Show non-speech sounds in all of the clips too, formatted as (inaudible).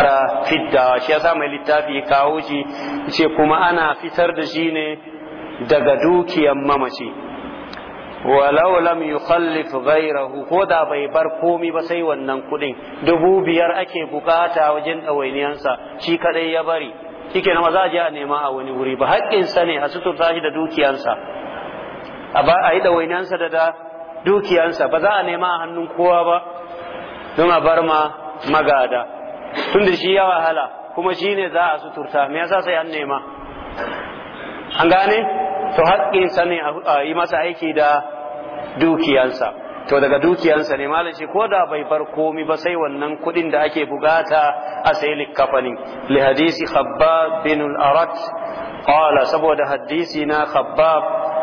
kara fiddawa shi yasa mai littafi kawo shi ce kuma ana fitar da shi ne daga dukiyar mamaci walau lam yukhallif ghayrahu ko da bai bar komi ba sai wannan kudin dubu biyar ake bukata wajen ɗawainiyansa shi kadai ya bari shike na za a je a nema a wani wuri ba haƙƙinsa ne a suturta shi da dukiyansa a yi ɗawainiyansa da da dukiyansa ba za a nema a hannun kowa ba don a bar ma magada tunda shi ya wahala kuma shi ne za a suturta me yasa sai an nema an gane to haƙƙinsa ne a yi masa aiki da dukiyansa to daga dukiyansa ne malam shi ko da bai bar komi ba sai wannan kuɗin da ake bugata a sai likkafanin li hadisi khabbab bin al-arat qala saboda hadisi na khabbab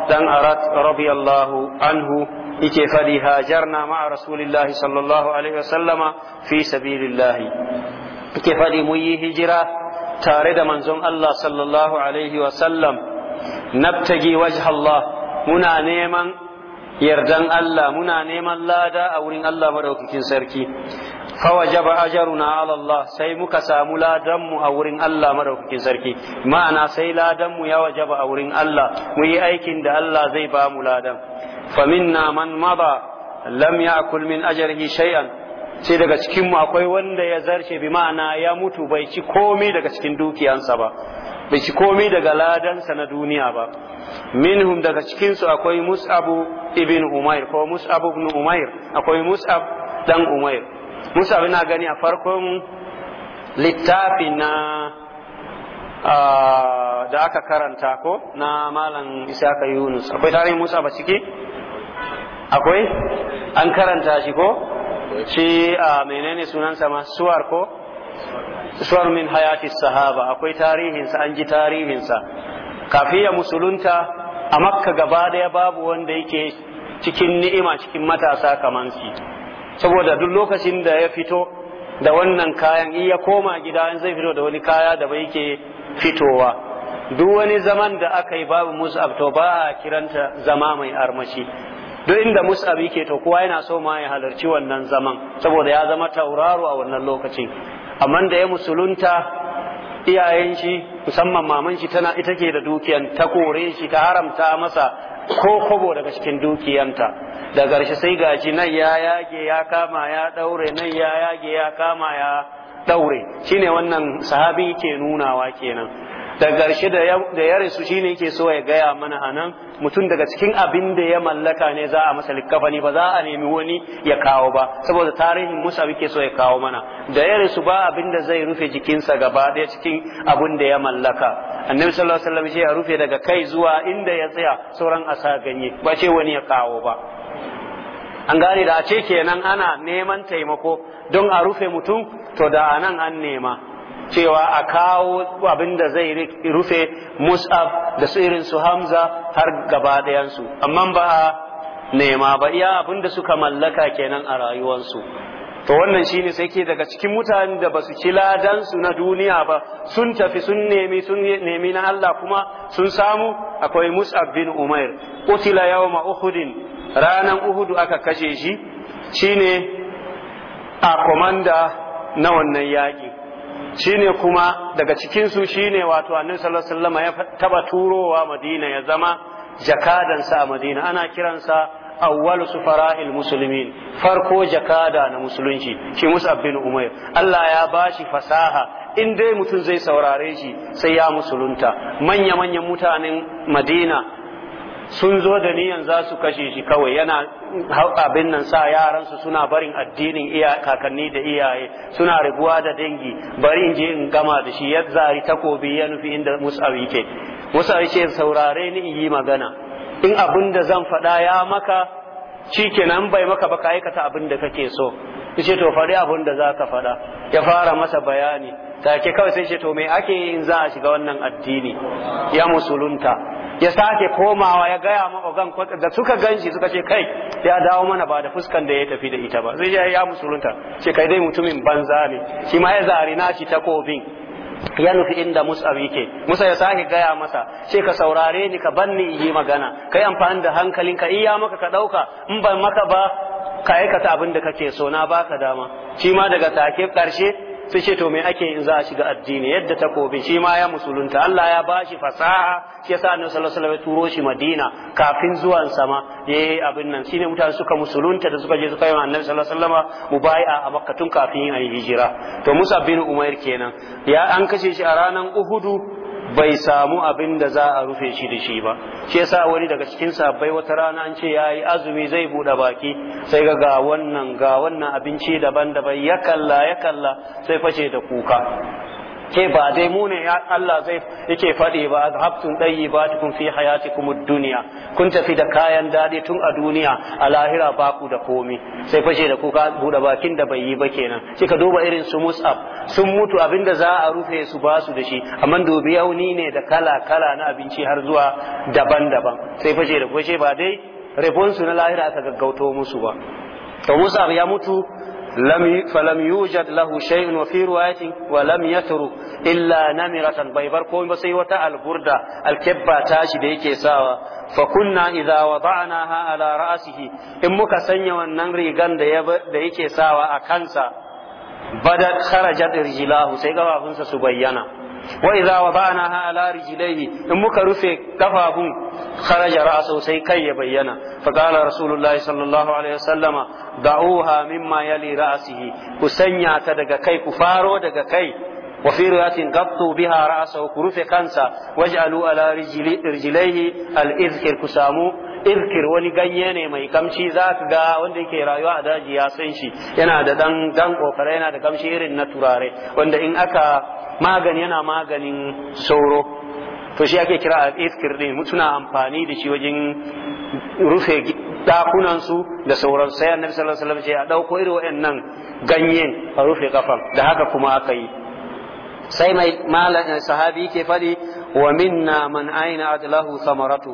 dan arat radiyallahu anhu yake fadi hajarna ma rasulillahi sallallahu alaihi wasallama fi sabilillahi yake faɗi mun yi hijira tare da manzon Allah sallallahu alaihi wasallam nabtagi Allah muna neman yardan Allah muna neman lada a wurin Allah madaukakin sarki fawajaba ajaruna ala Allah sai muka samu ladanmu a wurin Allah madaukakin sarki ma'ana sai ladanmu ya wajaba a wurin Allah mu yi aikin da Allah zai ba mu ladan faminna man mada lam a kulmin ajrihi shay'an sai daga cikin mu akwai wanda ya zarce bi ma'ana ya mutu bai ci komai daga cikin dukiyansa ba bai ci komai daga ladansa na duniya ba minhum daga cikin su akwai mus'abu ibn umair ko mus'abu ibn umair akwai mus'ab dan umair mus'ab ina gani a farkon littafi na da aka karanta ko na malam isaka yunus akwai tarihin mus'ab a ciki akwai an karanta shi ko shi a menene sunansa ma suwar ko suwar min hayati sahaba akwai tarihinsa an ji tarihinsa Kafiya musulunta a makka gaba daya babu wanda yake cikin ni'ima cikin matasa kamar saboda duk lokacin da ya fito da wannan kayan iya koma gida in zai fito da wani kaya da bai ke fitowa duk wani zaman da aka yi babu musu to ba a kiranta zama mai armashi duk inda musabi ke to kowa yana so ma ya halarci wannan zaman saboda ya zama tauraro a wannan lokacin amma da ya musulunta iyayen shi musamman maman shi tana ita ke da dukiyan ta kore shi ta haramta masa ko kobo daga cikin dukiyanta da garshe sai gaji nan ya yage ya kama ya daure nan ya yage ya kama ya daure shine wannan sahabi ke nunawa kenan da garshe da ya rasu shine ke so ya gaya mana a nan, mutum daga cikin abin da ya mallaka ne za a masa likkafani ba za a nemi wani ya kawo ba saboda tarihin Musa ke so ya kawo mana da ya rasu ba abin da zai rufe jikinsa gaba daya cikin abin da ya mallaka annabi sallallahu alaihi wasallam ya rufe daga kai zuwa inda ya tsaya sauran asa ganye ba ce wani ya kawo ba an gane da a ce kenan ana neman taimako don a rufe mutum to da anan an nema cewa a kawo abin da zai rufe mus'ab da su irin su hamza har gaba ɗayansu amma ba a nema ba iya abin da suka mallaka kenan a rayuwarsu to wannan shine sai ke daga cikin mutane da basu ci ladansu na duniya ba sun tafi sun nemi sun nemi na Allah kuma sun samu akwai Mus'ab bin Umair qutila yawma Uhudin ranan Uhudu aka kashe shi shine a komanda na wannan yaƙi Shi ne kuma daga cikinsu shi ne wato annabi sallallahu ya taba turowa madina ya zama jakadansa a madina ana kiransa awwal sufara'il musulmin farko jakada na musulunci shi musu bin umair Allah ya bashi fasaha in dai mutum zai saurare shi sai ya musulunta manya manyan mutanen madina sun zo da niyan za su kashe shi kawai yana abin nan sa yaransu suna barin addinin iya kakanni da iyaye suna rabuwa da dangi bari in je in gama da shi ya zari takobi ya nufi inda musawi ke musawi ce saurare ni in yi magana in abin da zan faɗa ya maka shikenan bai maka ba ka aikata abin da kake so ce to faɗi abin da za ka faɗa ya fara masa bayani take kawai sai ce to me ake in za a shiga wannan addini ya musulunta ya sake komawa ya gaya ma ogan da suka gan shi suka ce kai ya dawo mana ba da fuskan da ya tafi da ita ba zai ya ya musulunta ce kai dai mutumin banza ne shi ma ya zari ta kofin ya nufi inda musa wike Musa ya sake gaya masa ce ka saurare ni ka banni yi magana kai amfani da hankalinka iya maka ka ɗauka. in ban maka ba ka aikata abin da kake so na baka dama shi ma daga take karshe sai ce to me ake in za a shiga addini yadda ta kobi shi ma ya musulunta Allah ya bashi fasaha shi yasa annabi sallallahu alaihi wasallam ya turo shi Madina kafin zuwan sama yayi abin nan shine mutane suka musulunta da suka je suka yi annabi sallallahu alaihi wasallam mubai'a a Makka tun kafin yin hijira to Musa bin Umair kenan ya an kashe shi a ranar Uhudu bai samu abin da za a rufe shi da shi ba shi yasa wani daga cikin sabbai wata rana an ce yayi azumi zai bude baki sai ga ga wannan ga wannan abinci daban-daban ya kalla ya kalla sai fashe da kuka ke ba dai mu ne Allah zai yake faɗi ba a azhabtum dayyibatukum fi hayatikum ad duniya kun tafi da kayan daɗi tun a duniya a lahira ba ku da komi sai fashe da kuka buɗe bakin da bai yi ba kenan shi ka duba irin su mus'ab sun mutu abinda za a rufe su ba su da shi amma dobi yauni ne da kala kala na abinci har zuwa daban-daban sai fashe da fashe ba dai su na lahira aka gaggauto musu ba to mus'ab ya mutu لم فلم يوجد له شيء وفي رواية ولم يتر إلا نمرة بيبر قوم بسيوة البردة الكبة تاشي ديك ساوى فكنا إذا وضعناها على رأسه إمك سنيا والنمر غن ديك ساوى أكنسا بدت خرجت رجلاه سيقوا أبنسا سبينا wa idza wada'naha ala rijlaihi in muka rufe kafafun kharaja ra'su sai kai ya bayyana fa qala rasulullahi sallallahu alaihi wasallama da'uha mimma yali ra'sihi ku sanya ta daga kai ku faro daga kai wa fi riwayatin gattu biha ra'sahu ku rufe kansa waje ala rijlaihi al-izkir ku samu irkir wani ganye ne mai kamshi za ka ga wanda yake rayuwa a daji ya san shi yana da dan dan kokare yana da kamshi irin na turare wanda in aka magani yana maganin sauro to shi ake kira a iskir din mutuna amfani da shi wajen rufe dakunan su da sauran sai annabi sallallahu alaihi wasallam ya dauko irin wayannan ganyen a rufe kafan da haka kuma aka yi sai mai sahabi ke fadi wa minna man aina adlahu samaratu.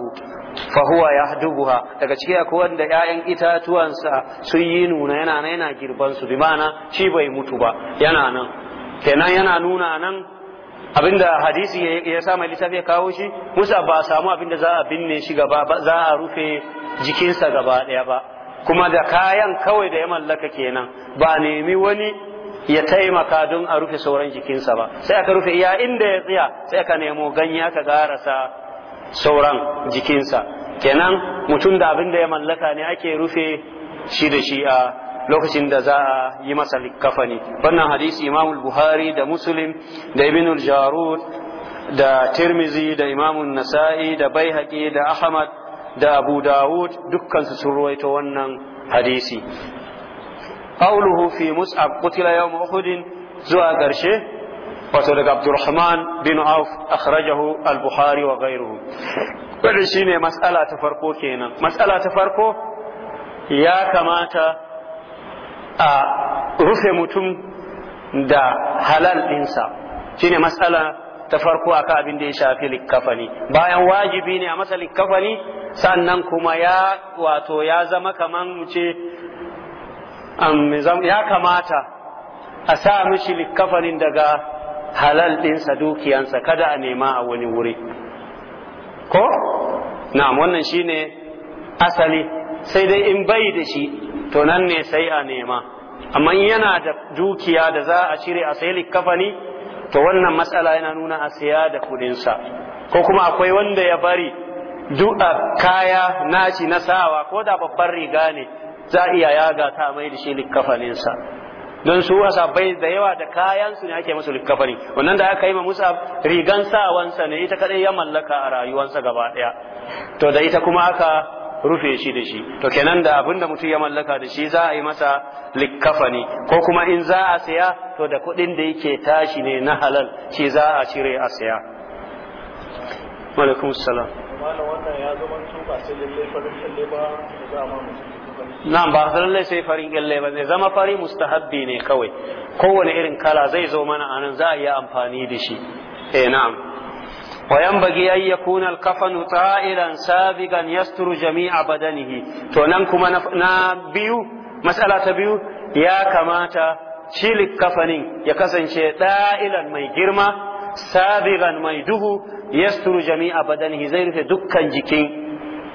fahuwa huwa yahdubuha daga ciki akwai wanda yayan itatuwansa sun yi nuna yana nan yana girbansu bi mana shi bai mutu ba yana nan kenan yana nuna nan abinda hadisi ya sa mai littafi ya kawo shi musa ba samu abinda za a binne shi gaba za a rufe jikinsa gaba ɗaya ba kuma da kayan kawai da ya mallaka kenan ba nemi wani ya taimaka don a rufe sauran jikinsa ba sai aka rufe iya inda ya tsaya sai aka nemo ganye ka garasa sauran jikinsa kenan mutum da abin da ya mallaka ne ake rufe shi da shi a lokacin da za a yi masa kafani wannan hadisi imam buhari da muslim da ibn jarud da tirmizi da imam nasa'i da baihaqi da ahmad da abu dawud dukkan su sun ruwaito wannan hadisi qawluhu fi mus'ab qutila yau uhud zuwa ƙarshe wato daga Abdurrahman bin Auf akhrajahu al-Bukhari wa ghayruhu wannan shine mas'ala ta farko kenan mas'ala ta farko ya kamata a rufe mutum da halal ɗinsa shine mas'ala ta farko akan abin da ya shafi likkafani bayan wajibi ne a masa likkafani sannan kuma ya wato ya zama kaman mu ce ya kamata a sa mishi likkafanin daga halal ɗinsa dukiyansa kada a nema a wani wuri ko na wannan shine asali sai dai in bai da shi to nan ne sai a nema amma yana da dukiya da za a cire a sai likafani to wannan matsala yana nuna a siya da kudinsa ko kuma akwai wanda ya bari du'a kaya naci na sawa ko da babbar riga ne za a iya yaga ta mai da shi likafaninsa don su wasa bai da yawa da kayan su ne ake musu likafani wannan da aka yi ma musa rigan sawansa ne ita kadai ya mallaka a rayuwarsa gaba daya to da ita kuma aka rufe shi da shi to kenan da abinda da mutum ya mallaka da shi za a yi masa likafani ko kuma in za a saya to da kuɗin da yake tashi ne na halal shi za a cire a saya alaikum salam wannan ya zama ba sai lalle farin lalle ba za a ma mutum na'am ba lallai sai farin kyalle ba zai zama fari mustahabbi ne kawai kowane irin kala zai zo mana a nan za a yi amfani da shi eh na'am wa bagi ya yakuna al-kafanu ta'ilan sabigan yasturu jami'a badanihi to nan kuma na biyu matsala ta biyu ya kamata cilik kafanin ya kasance da'ilan mai girma sabigan mai duhu yasturu jami'a badanihi zai rufe dukkan jikin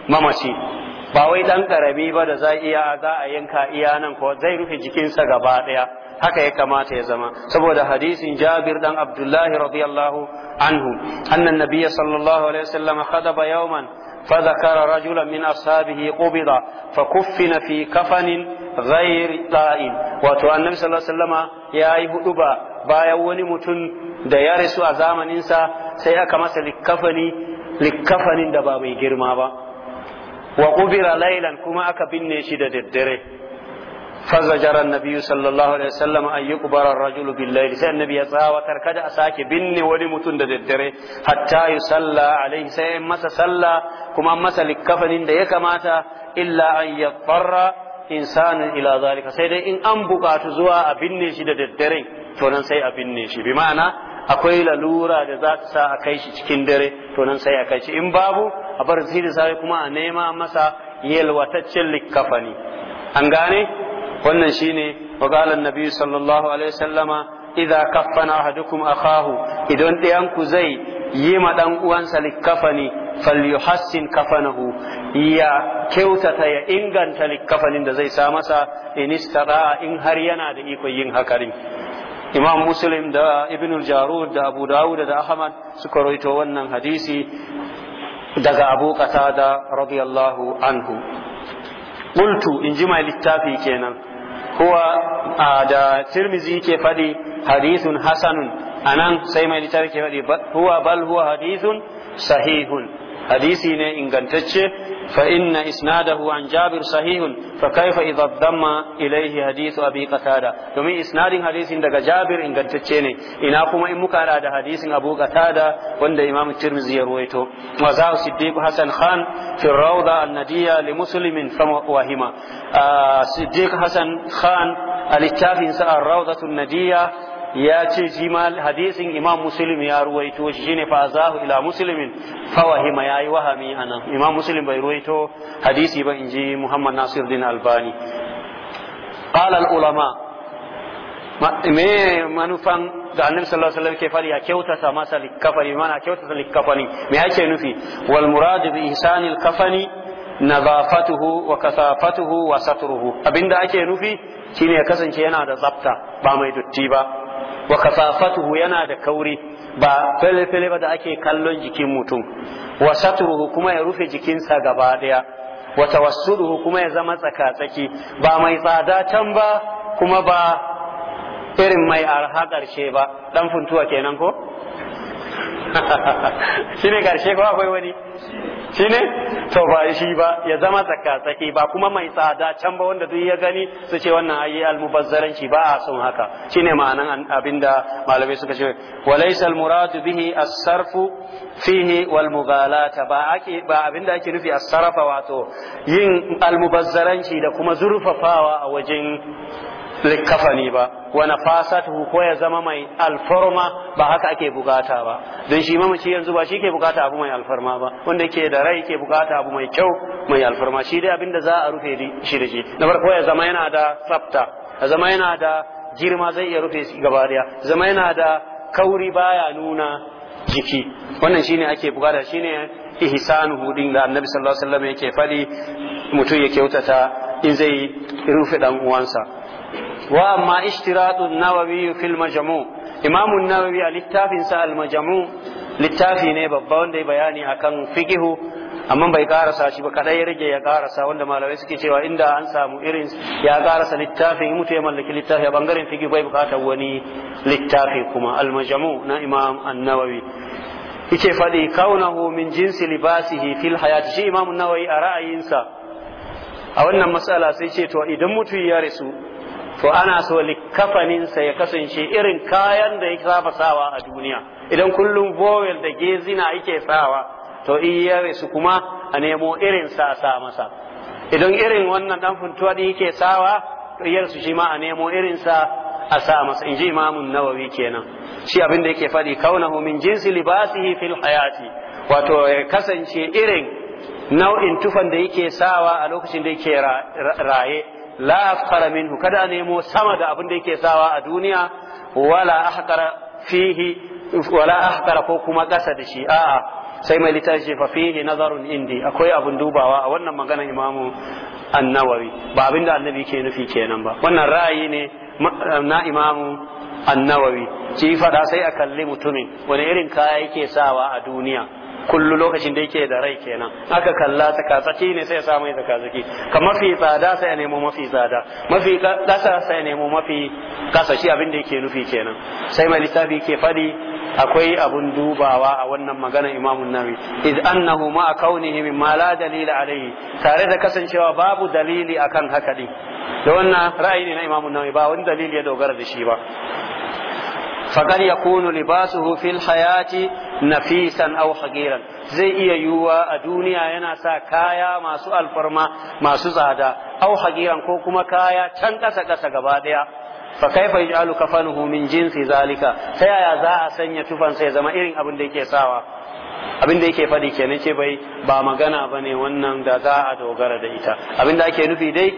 mamaci ba wai dan karami ba da za iya za a yanka iya nan ko zai rufe jikinsa gaba daya haka ya kamata ya zama saboda hadisin Jabir dan Abdullahi radiyallahu anhu annan nabiyya sallallahu alaihi wasallam khadaba yawman فذكر رجلا من أصحابه قبض فكفن في كفن غير طائن واتو النبي صلى الله عليه وسلم يا أيه أبا بايا ونمتن ديارس أزامن إنسا سيأك مثل لكفني لكفن دبا جرما با wa ƙubira lailan kuma aka binne shi da daddare fazajar annabi sallallahu alaihi wasallam an yi kubarar rajulu ya tsawatar kada a sake binne wani mutum da daddare hatta yi salla alaihi sai masa salla kuma masa likkafanin da ya illa an farra insanu ila zalika sai dai in an buƙatu zuwa a binne shi da daddare to a binne shi bi ma'ana akwai lalura da za ta sa a kai shi cikin dare to nan sai a kai shi in babu a bar zai da safe kuma a nema masa yalwataccen likafani. an gane wannan shine wa qala annabi sallallahu alaihi wasallama idza kaffana ahadukum akahu idan ɗayan ku zai yi ma dan uwansa likkafani falyuhassin kafanahu ya kyautata ya inganta likafanin da zai sa masa in in har yana da ikon yin hakarin imam muslim da ibn jarud da abu dawud da ahmad suka rawaito wannan hadisi daga abu qatada radiyallahu anhu qultu in ji mai littafi kenan huwa da tirmizi ke faɗi hadithun hasanun anan sai mai littafi ke faɗi huwa bal huwa hadithun sahihun hadisi ne ingantacce fa inna isnadahu an jabir sahihun fa kaifa idza dhamma ilayhi hadithu abi qatada domin isnadin hadisin daga jabir ingantacce ne ina kuma in muka hada da hadisin abu qatada wanda imam tirmizi ya ruwaito wa za siddiq hasan khan fi rawda an-nadiya li muslimin fa wahima ah, siddiq hasan khan al-littafin sa ar-rawdatu an-nadiya ya ce shi ma hadisin imam muslim ya ruwaito shi shine fa azahu ila muslimin fa wahima yayi wahami anan imam muslim bai ruwaito hadisi ba inji muhammad nasiruddin albani qala al ulama me manufan da annabi sallallahu alaihi wasallam ke fari a kyautata masa likafani mana kyautata likafani me yake nufi wal murad bi ihsanil kafani nadafatuhu wa kasafatuhu wa satruhu abinda ake nufi shine ya kasance yana da tsafta ba mai dotti ba wa kafafatuhu yana da kauri ba fele-fele ba da ake kallon jikin mutum wa satruhu kuma ya rufe jikinsa gaba daya wa tawassuduhu kuma ya zama tsaka-tsaki ba mai tsada can ba kuma ba irin mai arha ƙarshe ba dan funtuwa kenan ko (laughs) shine ƙarshe ko akwai wani shi ne to ba shi ba ya zama tsaka-tsaki ba kuma mai tsada can ba wanda duk ya gani su ce wannan ayi almubazzaranci ba a son haka shine ma'anan abinda malamai suka ce walaysa almuradu bihi as-sarfu fihi wal mughalata ba ake ba abinda ake nufi as-sarfa wato yin almubazzaranci da kuma zurfafawa a wajen likafani ba wani fasatuhu ko ya zama mai alfarma ba haka ake bukata ba don shi mamaci yanzu ba shi ke bukata abu mai alfarma ba wanda ke da rai ke bukata abu mai kyau mai alfarma shi dai abinda za a rufe shi da shi na farko ya zama yana da tsafta ya zama yana da girma zai iya rufe shi gaba daya zama yana da kauri baya nuna jiki wannan shine ake bukata shine ihsanu hudin da annabi sallallahu alaihi wasallam yake fadi mutum ya kyautata in zai rufe dan uwansa wa amma ishtiratu nawawi fil majmu an nawawi a littafin sa al majmu littafi ne babba wanda ya bayani akan fiqihu amma bai karasa shi ba kadai ya rage ya karasa wanda malamai suke cewa inda an samu irin ya karasa littafin mutu ya mallaki littafi a bangaren fiqihu bai bukatar wani littafi kuma al majmu na imam an-nawawi yake faɗi kaunahu min jinsi libasihi fil hayati shi an nawawi a ra'ayinsa a wannan matsala sai ce to idan mutum ya rasu to ana so likafaninsa ya kasance irin kayan da ya saba sawa a duniya idan kullum bowel da gezina yake sawa to in su kuma a nemo irin sa sa masa idan irin wannan dan funtuwa da yake sawa to iyar su shi ma a nemo irin sa a sa masa inji imamun nawawi kenan shi abin da yake faɗi kaunahu min jinsi libasihi fil hayati wato ya kasance irin nau'in tufan da yake sawa a lokacin da yake raye la asqara minhu kada nemo sama da abin da yake sawa a duniya wala ahqara fihi wala ahqara ko kuma kasa da shi a'a sai mai litashi fa fihi nazarun indi akwai abin dubawa a wannan magana imamu annawari ba abin da annabi ke nufi kenan ba wannan ra'ayi ne na imamu annawari shi fada sai a kalli mutumin wani irin kaya yake sawa a duniya kullu lokacin da yake da rai kenan aka kalla ta tsakatsaki ne sai ya samu mai tsakatsaki ka mafi tsada sai ya nemo mafi tsada mafi kasa sai ya nemo mafi kasa shi abin da yake nufi kenan sai mai lissafi ke fadi akwai abun dubawa a wannan magana imamu nawi iz annahu ma kaunihi ma la dalila alayhi tare da kasancewa babu dalili akan haka din da wannan ra'ayi ne na imamu nawi ba wani dalili ya dogara da shi ba faƙar ya kunu libasuhu fil hayati nafisan au hagiran zai iya yiwuwa a duniya yana sa kaya masu alfarma masu tsada au hagiran ko kuma kaya can ƙasa ƙasa gaba ɗaya fa kaifa yaj'alu kafanuhu min jinsi zalika ta yaya za a sanya tufansa ya zama irin abin da yake sawa abin da yake faɗi kenan ce bai ba magana ba ne wannan da za a dogara da ita abin da ake nufi dai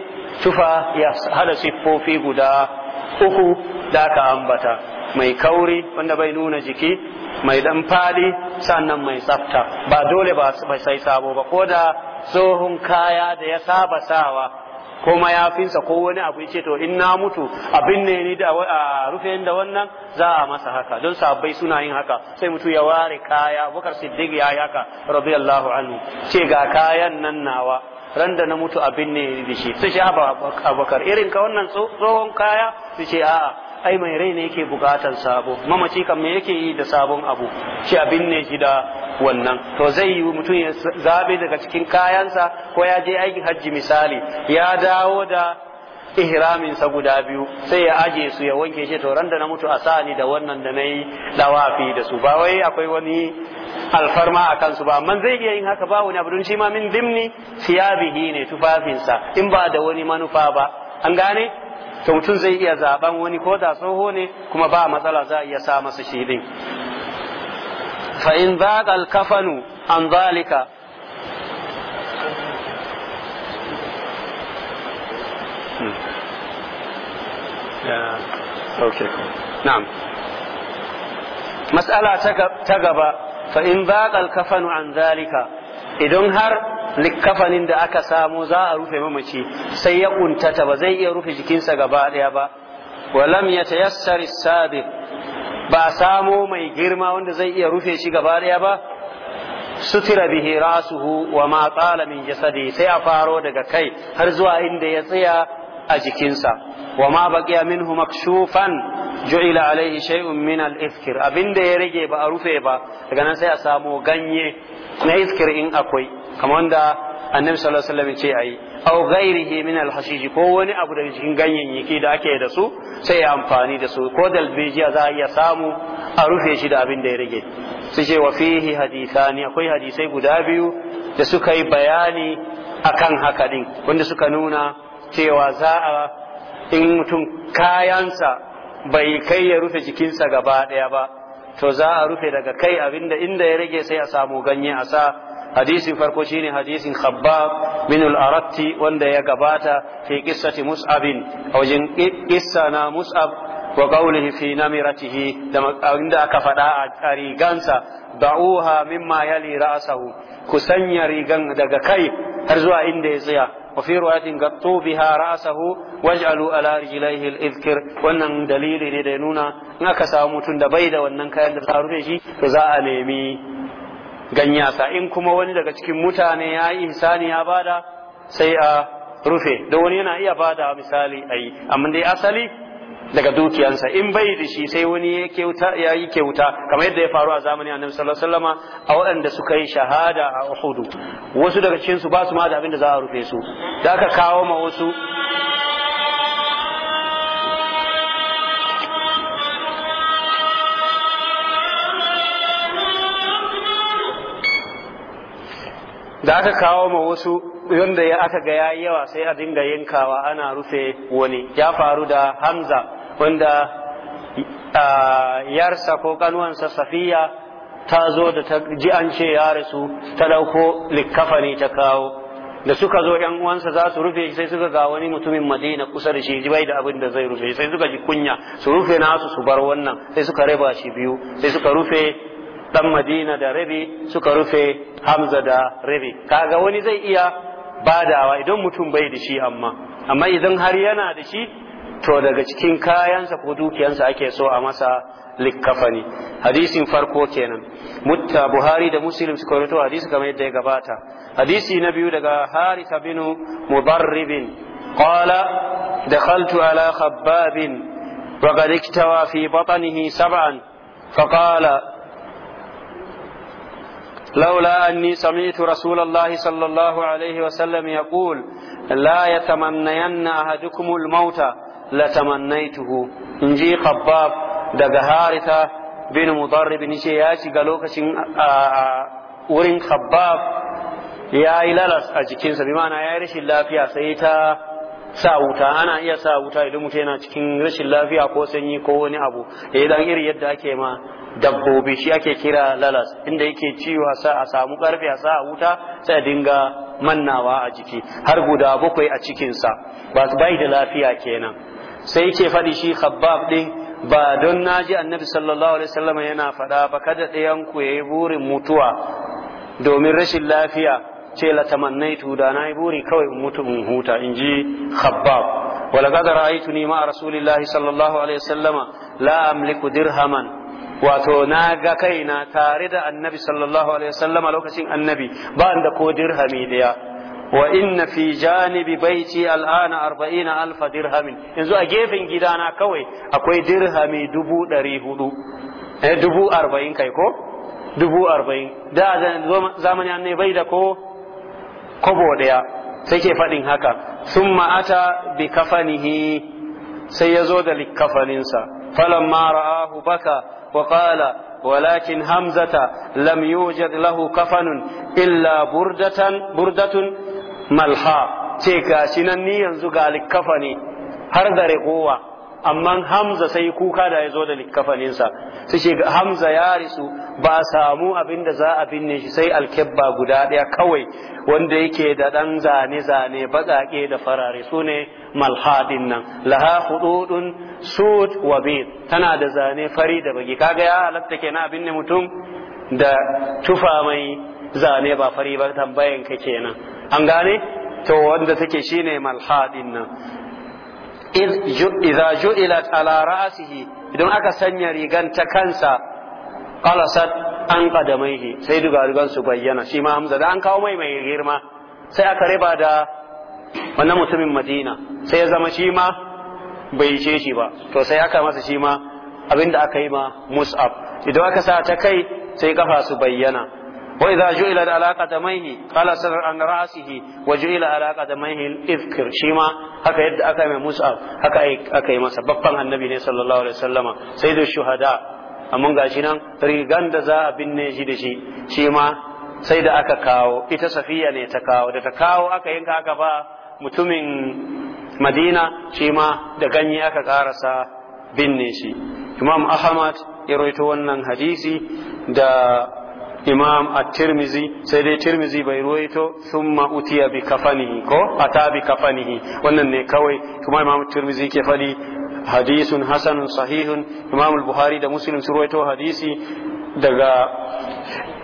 tufa ya hada siffofi guda uku da ka ambata mai kauri wanda bai nuna jiki mai dan fadi sannan mai tsafta ba dole ba sai sabo ba ko da tsohon kaya da ya saba sawa ko mayafinsa ko wani abu ce to in na mutu abin ne ni da a rufe da wannan za a masa haka don sabbai suna yin haka sai mutu ya ware kaya bukar Siddiq ya yi haka radiyallahu anhu ce ga kayan nan nawa ran da na mutu abin ne da shi sai shi Abubakar irin ka wannan tsohon kaya su ce a'a ai mai rai ne yake bukatar sabo mamaci kan me yake yi da sabon abu shi abin ne shi wannan to zai yi mutum ya zabe daga cikin kayansa ko ya je aikin hajji misali ya dawo da ihramin sa guda biyu sai ya aje su ya wanke shi to ran da na mutu a sani da wannan da nayi dawafi da su ba wai akwai wani alfarma a kansu ba amma zai iya yin haka ba wani abu shi ma min dimni siyabihi ne tufafinsa in ba da wani manufa ba an gane to mutun zai iya zaban wani ko da tsoho ne kuma ba matsala za a iya sa masa shidin fa in zaqa al kafanu an zalika na'am mas'ala ta gaba fa in zaqa al kafanu an zalika idan har likafanin da aka samu za a rufe mamaci sai ya kuntata ba zai iya rufe jikinsa gaba daya ba walam ya tayassari sadiq ba samo mai girma wanda zai iya rufe shi gaba daya ba sutira bihi rasuhu wa ma qala min jasadi sai a faro daga kai har zuwa inda ya tsaya a jikinsa wa ma baqiya minhu makshufan ju'ila alaihi shay'un min al-ifkir abinda ya rage ba a rufe ba daga nan sai a samo ganye na iskir in akwai kamar da annabi sallallahu alaihi wasallam ce ayi aw ghairihi min alhashish ko wani abu da cikin ganyayyaki da ake da su sai ya amfani da su ko dalbijiya za a iya samu a rufe shi da abin da ya rage su ce wa fihi hadithani akwai hadisai guda biyu da suka yi bayani akan haka din wanda suka nuna cewa za a in mutum kayansa bai kai ya rufe jikinsa gaba ɗaya ba to za a rufe daga kai abinda inda ya rage sai a samu ganye a sa hadisin farko ne hadisin khabbab bin al wanda ya gabata fi qissati mus'abin a wajen qissa na mus'ab wa qawlihi fi namiratihi da inda aka faɗa a rigansa da'uha mimma yali ra'sahu ku sanya rigan daga kai har zuwa inda ya tsaya وفي رواية قطوا بها رأسه واجعلوا على رجليه الإذكر وأن دليل kayan نكسا متن دبيدا وأن كان za فزاء نيمي ganyasa in kuma wani daga cikin mutane ya yi insani ya bada sai a rufe da wani yana iya bada misali a yi amma dai asali daga dukiyansa in bai da shi sai wani ya kyauta ya yi kyauta kamar yadda ya faru a zamanin annabi sallallahu alaihi wasallam a waɗanda suka yi shahada a Uhud wasu daga cikin su ba su ma da abin da za a rufe su da aka kawo ma wasu da aka kawo ma wasu yadda aka ga yayi yawa sai a dinga yankawa ana rufe wani ya faru da hamza wanda yarsa ko kanuwansa safiya ta zo da ta ji an ce ya rasu ta dauko likkafani ta kawo da suka zo yan uwansa za su rufe sai suka ga wani mutumin madina kusa da shi bai da abin da zai rufe sai suka ji kunya su rufe nasu su bar wannan sai suka raba shi biyu sai suka rufe dan madina da rabi suka rufe hamza da rabi kaga wani zai iya badawa idan mutum bai da shi amma amma idan har yana da shi to daga cikin kayansa ko dukiyansa ake so a masa likkafani hadisin farko kenan mutta buhari da muslim suka rawaito hadisi kamar yadda ya gabata hadisi na biyu daga harisa bin mubarribin qala dakhaltu ala khabbab iktawa fi batnihi sab'an fa qala لولا أني سمعت رسول الله صلى الله عليه وسلم يقول لا يتمنين أحدكم الموت لتمنيته نجي خباب دق هارثة بن مضر بن شياشي قالوك ورين خباب يا إلالس أجكين سبمانا يا رشي الله فيها سيتا sa wuta ana iya sa wuta idan mutum yana cikin rashin lafiya ko sanyi ko wani abu ya eh, dan iri yadda ake ma dabbobi shi ake kira lalas inda yake ciwo sa a samu karfe a sa wuta sai a dinga mannawa a jiki har guda bakwai a cikinsa ba bai da lafiya kenan sai yake faɗi shi khabbab din ba don naji annabi sallallahu alaihi wasallam yana faɗa ba kada ɗayan ku yayi burin mutuwa domin rashin lafiya ce la tamannaitu da na yi buri kawai mutu in huta in ji khabbab wala qad ra'aytuni ma rasulillahi sallallahu alaihi wasallama la amliku dirhaman wato na ga kaina tare da annabi sallallahu alaihi wasallama lokacin annabi ba da ko dirhami daya wa inna fi janibi baiti al'ana arba'ina alfa dirhamin yanzu a gefen gidana kawai akwai dirhami dubu ɗari hudu eh, dubu arba'in kai ko dubu arba'in da zamani annai bai da ko kobo ɗaya sai ke faɗin haka sun ma'ata bi kafanihi sai ya zo da kafaninsa falon ra'ahu baka wa ƙala walakin hamzata lam yujad lahu kafanun illa burdatun malha ce ga shi ni yanzu ga likkafani har da rikowa amma hamza sai kuka da ya zo da likafaninsa su ce hamza ya risu ba samu abinda za a binne shi sai alkebba guda ɗaya kawai wanda yake da ɗan zane-zane baƙaƙe da farare su ne malhadin nan laha hududun sud wa bid tana da zane fari da baki kaga ya halatta ke na binne mutum da tufa mai zane ba fari ba tambayan ka kenan an gane to wanda take shine malhadin nan idza ju'ilat ala ra'sihi idan aka sanya rigan ta kansa qalasat an qadamaihi sai duga rigan su bayyana shi ma Hamza da an kawo mai mai girma sai aka riba da wannan mutumin Madina sai ya zama shi ma bai ce shi ba to sai aka masa shi ma abinda aka yi ma Mus'ab idan aka sa ta kai sai kafa su bayyana وإذا جعلت على قدميه قال سر عن رأسه وجعل على قدميه الإذكر شيما هكا يد أكا من مصعب هكا أكا النبي صلى الله عليه وسلم سيد الشهداء amma ga shi nan rigan da za a binne shi da shi shi ma sai da aka kawo ita safiya ne ta kawo da ta kawo aka yanka aka ba mutumin madina shi ma da ganye aka karasa binne shi imam ahmad ya roito wannan hadisi da imam at-tirmizi sai dai tirmizi bai ruwaito thumma utiya bi kafanihi ko ata bi kafanihi wannan ne kawai kuma imam at-tirmizi ke fadi hadisun hasanun sahihun imam al-buhari da muslim su ruwaito hadisi daga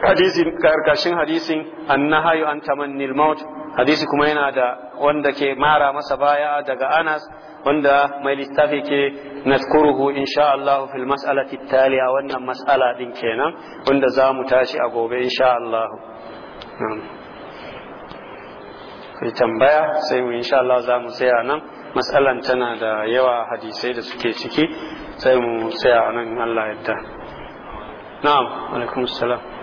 hadisin karkashin hadisin annahayu an tamannil maut hadisi kuma yana da wanda ke mara masa baya daga anas wanda mai littafi ke naskuruhu insha Allah fil mas'alati taliya wannan mas'ala din kenan wanda za mu tashi a gobe insha Allah kai tambaya sai mu insha Allah za mu tsaya nan mas'alan tana da yawa hadisai da suke ciki sai mu tsaya nan Allah yadda na'am alaikum salam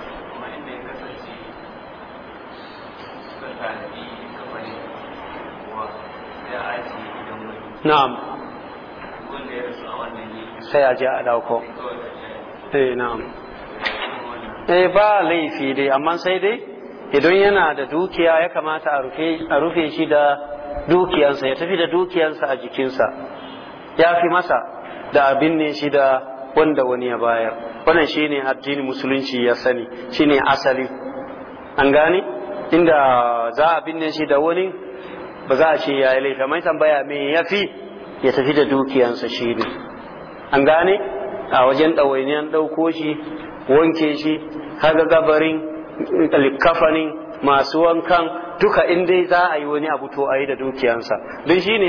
na'am sai a je a dauko eh na'am eh ba laifi dai amma sai dai idan yana da dukiya ya kamata a rufe shi da dukiyansa ya tafi da dukiyansa a jikinsa ya fi masa da abin ne shi da wanda wani ya bayar wannan shine addini musulunci ya sani shine asali an gane inda za a binne shi da wani ba za a ce ya yi laifi mai tambaya me ya fi ya tafi da dukiyansa shi ne an gane a wajen ɗawainiyan ɗauko shi wanke shi haga gabarin likafanin masu wankan duka in dai za a yi wani abu to a yi da dukiyansa don shi